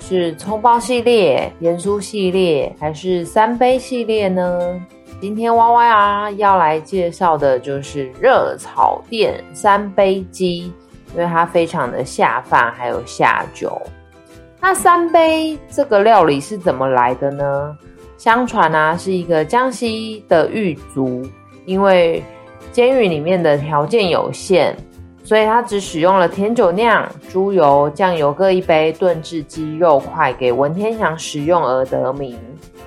是蔥包系列、鹽酥系列，還是三杯系列呢？今天蛙蛙啊要來介紹的就是熱炒店三杯雞，因為它非常的下飯，還有下酒。那三杯這個料理是怎麼來的呢？相傳啊，是一個江西的獄卒，因為監獄裡面的條件有限。所以他只使用了甜酒釀、豬油、醬油各一杯燉制雞肉塊給文天祥食用而得名。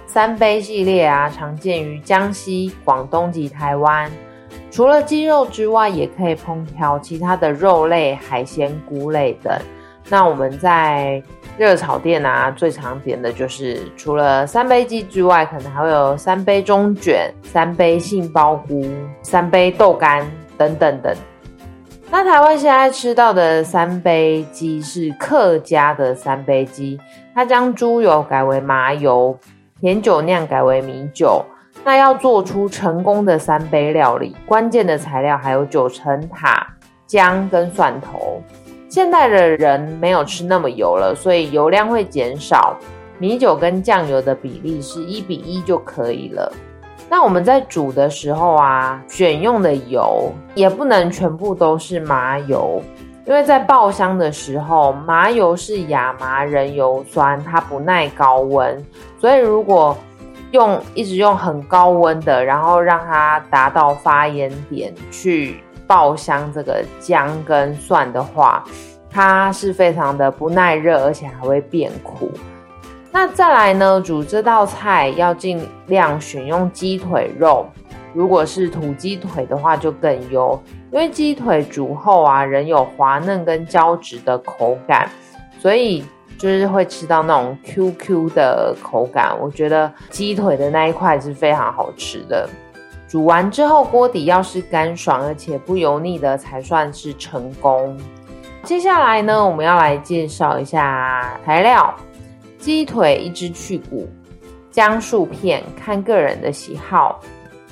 三杯系列啊，常見於江西、廣東及台灣。除了雞肉之外，也可以烹調其他的肉類、海鮮、菇類等。那我們在熱炒店啊，最常點的就是除了三杯雞之外，可能還會有三杯中卷、三杯杏鮑菇、三杯豆干等等等。那台灣現在吃到的三杯雞是客家的三杯雞，它將豬油改為麻油，甜酒釀改為米酒。那要做出成功的三杯料理，關鍵的材料還有九層塔、薑跟蒜頭。現代的人沒有吃那麼油了，所以油量會減少。米酒跟醬油的比例是一比一就可以了。那我們在煮的時候啊，選用的油也不能全部都是麻油，因為在爆香的時候，麻油是亞麻仁油酸，它不耐高溫，所以如果用一直用很高溫的，然後讓它達到發煙點去爆香這個薑跟蒜的話，它是非常的不耐熱，而且還會變苦。那再來呢，煮這道菜要盡量選用雞腿肉，如果是土雞腿的話就更優，因為雞腿煮後啊，仍有滑嫩跟膠質的口感，所以就是會吃到那種 Q Q 的口感。我覺得雞腿的那一塊是非常好吃的。煮完之後，鍋底要是乾爽而且不油膩的才算是成功。接下來呢，我們要來介紹一下材料。雞腿一支去骨，薑數片，看個人的喜好，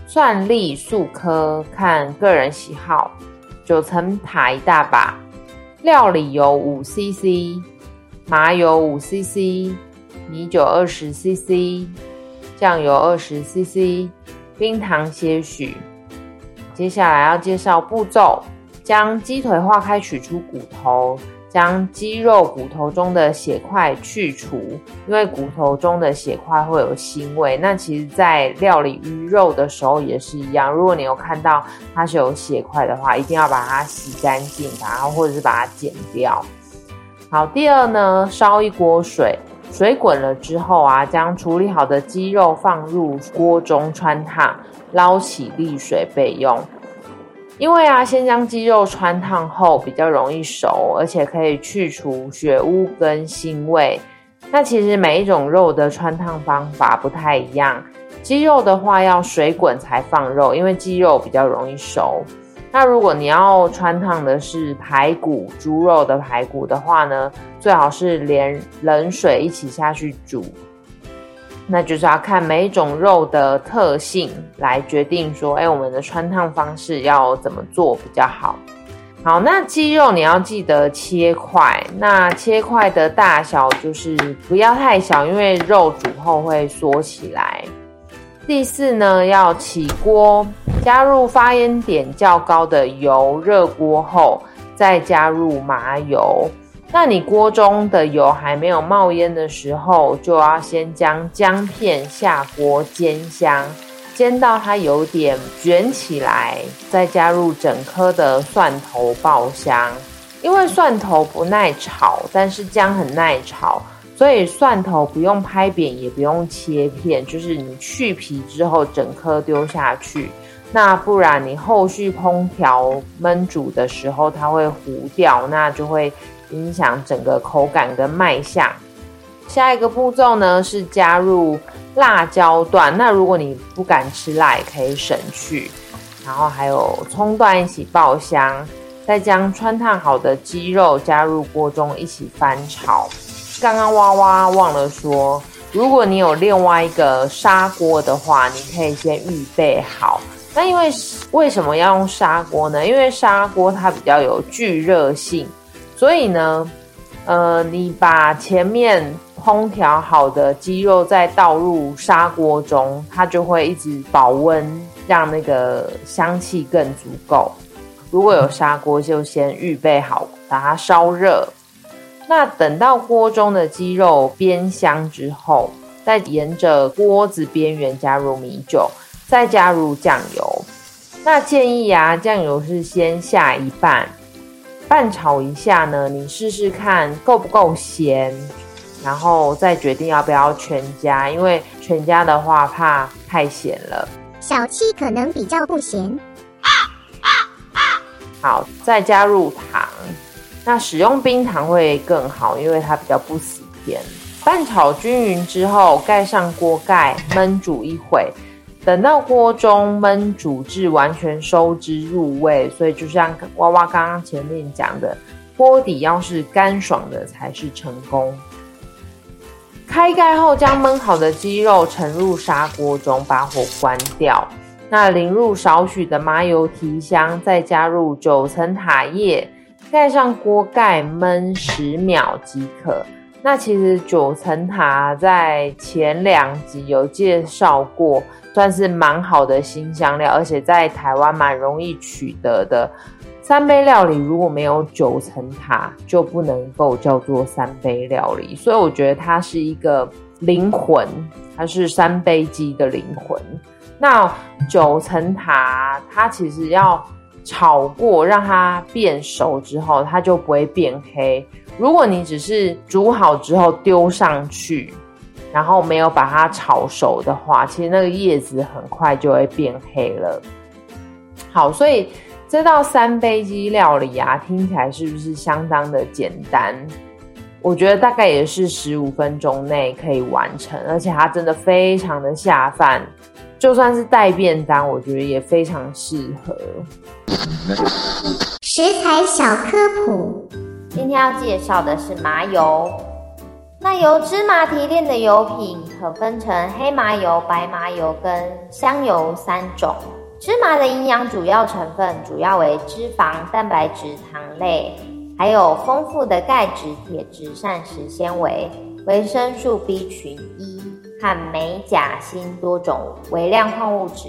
蒜粒數顆，看個人喜好，九層塔一大把，料理油五 CC，麻油五 CC，米酒二十 CC，醬油二十 CC，冰糖些許。接下來要介紹步驟，將雞腿化開，取出骨頭。將雞肉骨頭中的血塊去除，因為骨頭中的血塊會有腥味。那其實，在料理魚肉的時候也是一樣。如果你有看到它是有血塊的話，一定要把它洗乾淨啊，然後或者是把它剪掉。好，第二呢，燒一鍋水，水滾了之後啊，將處理好的雞肉放入鍋中汆燙，撈起瀝水備用。因為啊，先將雞肉汆燙後比較容易熟，而且可以去除血污跟腥味。那其實每一種肉的汆燙方法不太一樣。雞肉的話要水滾才放肉，因為雞肉比較容易熟。那如果你要汆燙的是排骨，豬肉的排骨的話呢，最好是連冷水一起下去煮。那就是要看每一種肉的特性來決定說，誒、欸、我們的汆燙方式要怎麼做比較好？好，那雞肉你要記得切塊，那切塊的大小就是不要太小，因為肉煮後會縮起來。第四呢，要起鍋，加入發煙點較高的油，熱鍋後，再加入麻油。那你鍋中的油還沒有冒煙的時候，就要先將薑片下鍋煎香，煎到它有點捲起來，再加入整顆的蒜頭爆香。因為蒜頭不耐炒，但是薑很耐炒，所以蒜頭不用拍扁，也不用切片，就是你去皮之後整顆丟下去。那不然你後續烹調燜煮的時候，它會糊掉，那就會影響整個口感跟賣相。下一個步驟呢，是加入辣椒段，那如果你不敢吃辣，也可以省去。然後還有蔥段一起爆香，再將川燙好的雞肉加入鍋中一起翻炒。剛剛哇哇忘了說，如果你有另外一個砂鍋的話，你可以先預備好。那因為為什麼要用砂鍋呢？因為砂鍋它比較有聚熱性。所以呢，呃，你把前面烹調好的雞肉再倒入砂鍋中，它就會一直保溫，讓那個香氣更足夠。如果有砂鍋，就先預備好，把它燒熱。那等到鍋中的雞肉煸香之後，再沿着鍋子邊緣加入米酒，再加入醬油。那建議啊，醬油是先下一半，拌炒一下呢，你試試看夠不夠鹹，然後再決定要不要全加。因為全加的話怕太鹹了。小七可能比較不鹹。好，再加入糖。那使用冰糖會更好，因為它比較不死甜。拌炒均勻之後，蓋上鍋蓋燜煮一會。等到鍋中燜煮至完全收汁入味，所以就像蛙蛙剛剛前面講的，鍋底要是乾爽的才是成功。開蓋後，將燜好的雞肉盛入砂鍋中，把火關掉。那淋入少許的麻油提香，再加入九層塔葉，蓋上鍋蓋燜十秒即可。那其實九層塔在前兩集有介紹過，算是蠻好的辛香料，而且在台灣蠻容易取得的。三杯料理如果沒有九層塔，就不能夠叫做三杯料理。所以我覺得它是一個靈魂，它是三杯雞的靈魂。那九層塔它其實要炒過，讓它變熟之後，它就不會變黑。如果你只是煮好之後丟上去，然後沒有把它炒熟的話，其實那個葉子很快就會變黑了。好，所以這道三杯雞料理啊，聽起來是不是相當的簡單？我覺得大概也是十五分鐘內可以完成，而且它真的非常的下飯，就算是帶便當，我覺得也非常適合。食材小科普。今天要介紹的是麻油。那由芝麻提煉的油品可分成黑麻油、白麻油跟香油三種。芝麻的營養主要成分主要為脂肪、蛋白質、糖類，還有豐富的鈣質、鐵質、膳食纖維、維生素 B 群一和鎂、鉀、鋅多種微量礦物質。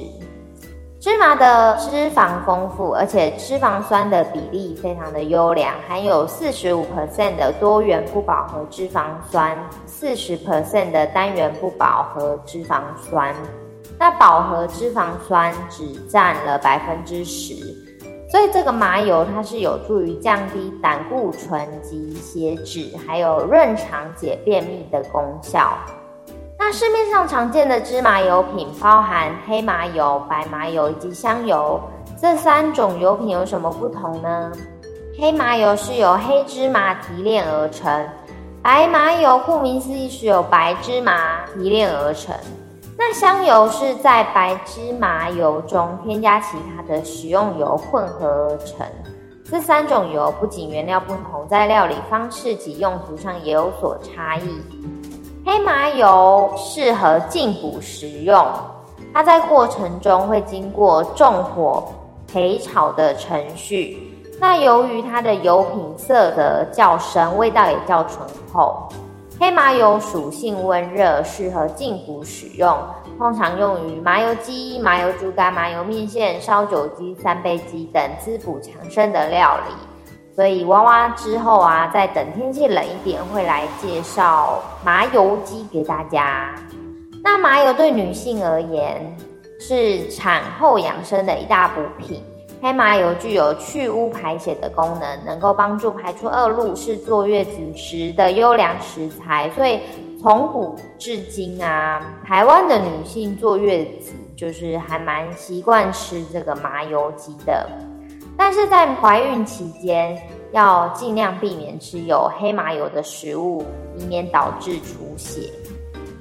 芝麻的脂肪豐富，而且脂肪酸的比例非常的優良，含有四十五 percent 的多元不飽和脂肪酸，四十 percent 的單元不飽和脂肪酸，那飽和脂肪酸只占了百分之十，所以這個麻油它是有助於降低膽固醇及血脂，還有潤腸解便秘的功效。那市面上常見的芝麻油品包含黑麻油、白麻油以及香油，這三種油品有什麼不同呢？黑麻油是由黑芝麻提煉而成，白麻油顧名思義是由白芝麻提煉而成。那香油是在白芝麻油中添加其他的食用油混合而成。這三種油不僅原料不同，在料理方式及用途上也有所差異。黑麻油適合進補食用，它在過程中會經過重火焙炒的程序。那由於它的油品色澤較深，味道也較醇厚，黑麻油屬性溫熱，適合進補使用。通常用於麻油雞、麻油豬肝、麻油麵線、燒酒雞、三杯雞等滋補強身的料理。所以蛙蛙之後啊，再等天氣冷一點，會來介紹麻油雞給大家。那麻油對女性而言是產後養生的一大補品，黑麻油具有去污排血的功能，能夠幫助排出惡露，是坐月子時的優良食材。所以從古至今啊，台灣的女性坐月子就是還蠻習慣吃這個麻油雞的。但是在懷孕期間，要盡量避免吃有黑麻油的食物，以免導致出血。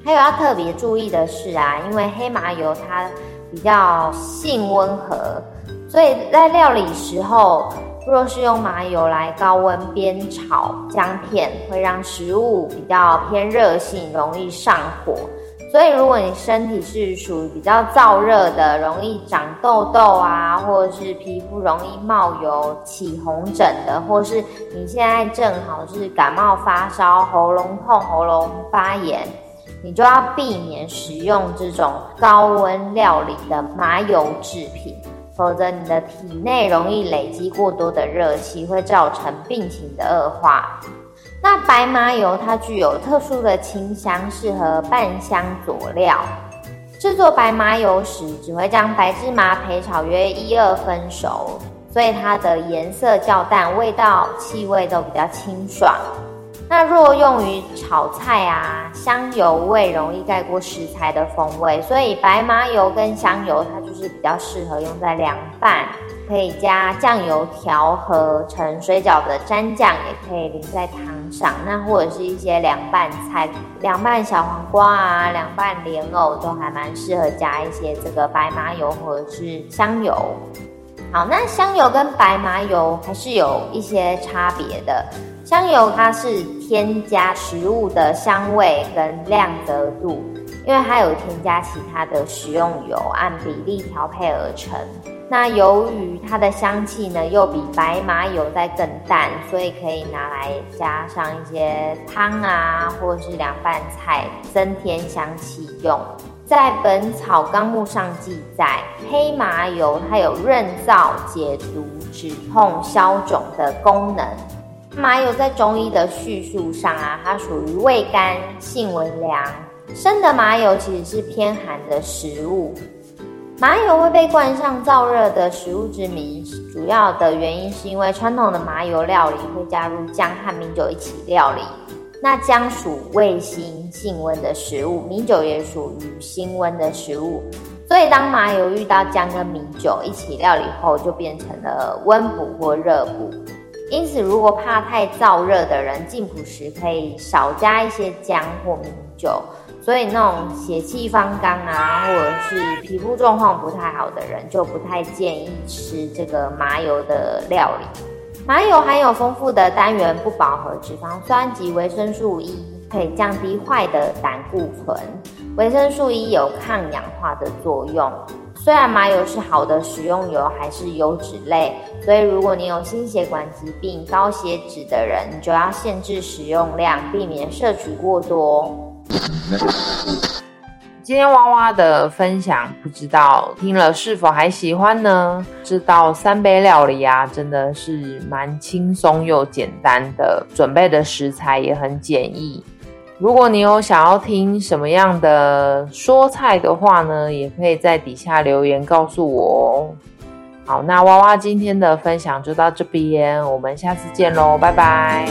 還有要特別注意的是啊，因為黑麻油它比較性溫和，所以在料理時候，若是用麻油來高溫煸炒薑片，會讓食物比較偏熱性，容易上火。所以，如果你身體是屬於比較燥熱的，容易長痘痘啊，或者是皮膚容易冒油、起紅疹的，或是你現在正好是感冒發燒、喉嚨痛、喉嚨發炎，你就要避免食用這種高溫料理的麻油製品，否則你的體內容易累積過多的熱氣，會造成病情的惡化。那白麻油它具有特殊的清香，適合拌香佐料。製作白麻油時，只會將白芝麻焙炒約一二分熟，所以它的顏色較淡，味道氣味都比較清爽。那若用於炒菜啊，香油味容易蓋過食材的風味，所以白麻油跟香油它就是比較適合用在涼拌，可以加醬油調和成水餃的蘸醬，也可以淋在湯上。那或者是一些涼拌菜，涼拌小黃瓜啊，涼拌蓮藕都還蠻適合加一些這個白麻油或者是香油。好，那香油跟白麻油還是有一些差別的。香油它是添加食物的香味跟亮澤度，因為它有添加其他的食用油按比例調配而成。那由於它的香氣呢又比白麻油再更淡，所以可以拿來加上一些湯啊或者是涼拌菜增添香氣用。在《本草綱目》上記載，黑麻油它有潤燥、解毒、止痛、消腫的功能。麻油在中醫的敘述上啊，它屬於味甘、性溫涼。生的麻油其實是偏寒的食物。麻油會被冠上燥熱的食物之名，主要的原因是因為傳統的麻油料理會加入薑和米酒一起料理。那薑屬味辛、性溫的食物，米酒也屬於辛溫的食物，所以當麻油遇到薑跟米酒一起料理後，就變成了溫補或熱補。因此，如果怕太燥熱的人，進補時可以少加一些薑或米酒。所以，那種血氣方剛啊，或者是皮膚狀況不太好的人，就不太建議吃這個麻油的料理。麻油含有豐富的單元不飽和脂肪酸及維生素 E，可以降低壞的膽固醇。維生素 E 有抗氧化的作用。雖然麻油是好的食用油，還是油脂類，所以如果你有心血管疾病、高血脂的人，你就要限制食用量，避免攝取過多哦。今天蛙蛙的分享，不知道聽了是否還喜歡呢？這道三杯料理啊，真的是蠻輕鬆又簡單的，準備的食材也很簡易。如果你有想要聽什麼樣的說菜的話呢，也可以在底下留言告訴我哦。好，那蛙蛙今天的分享就到這邊，我們下次見嘍，拜拜。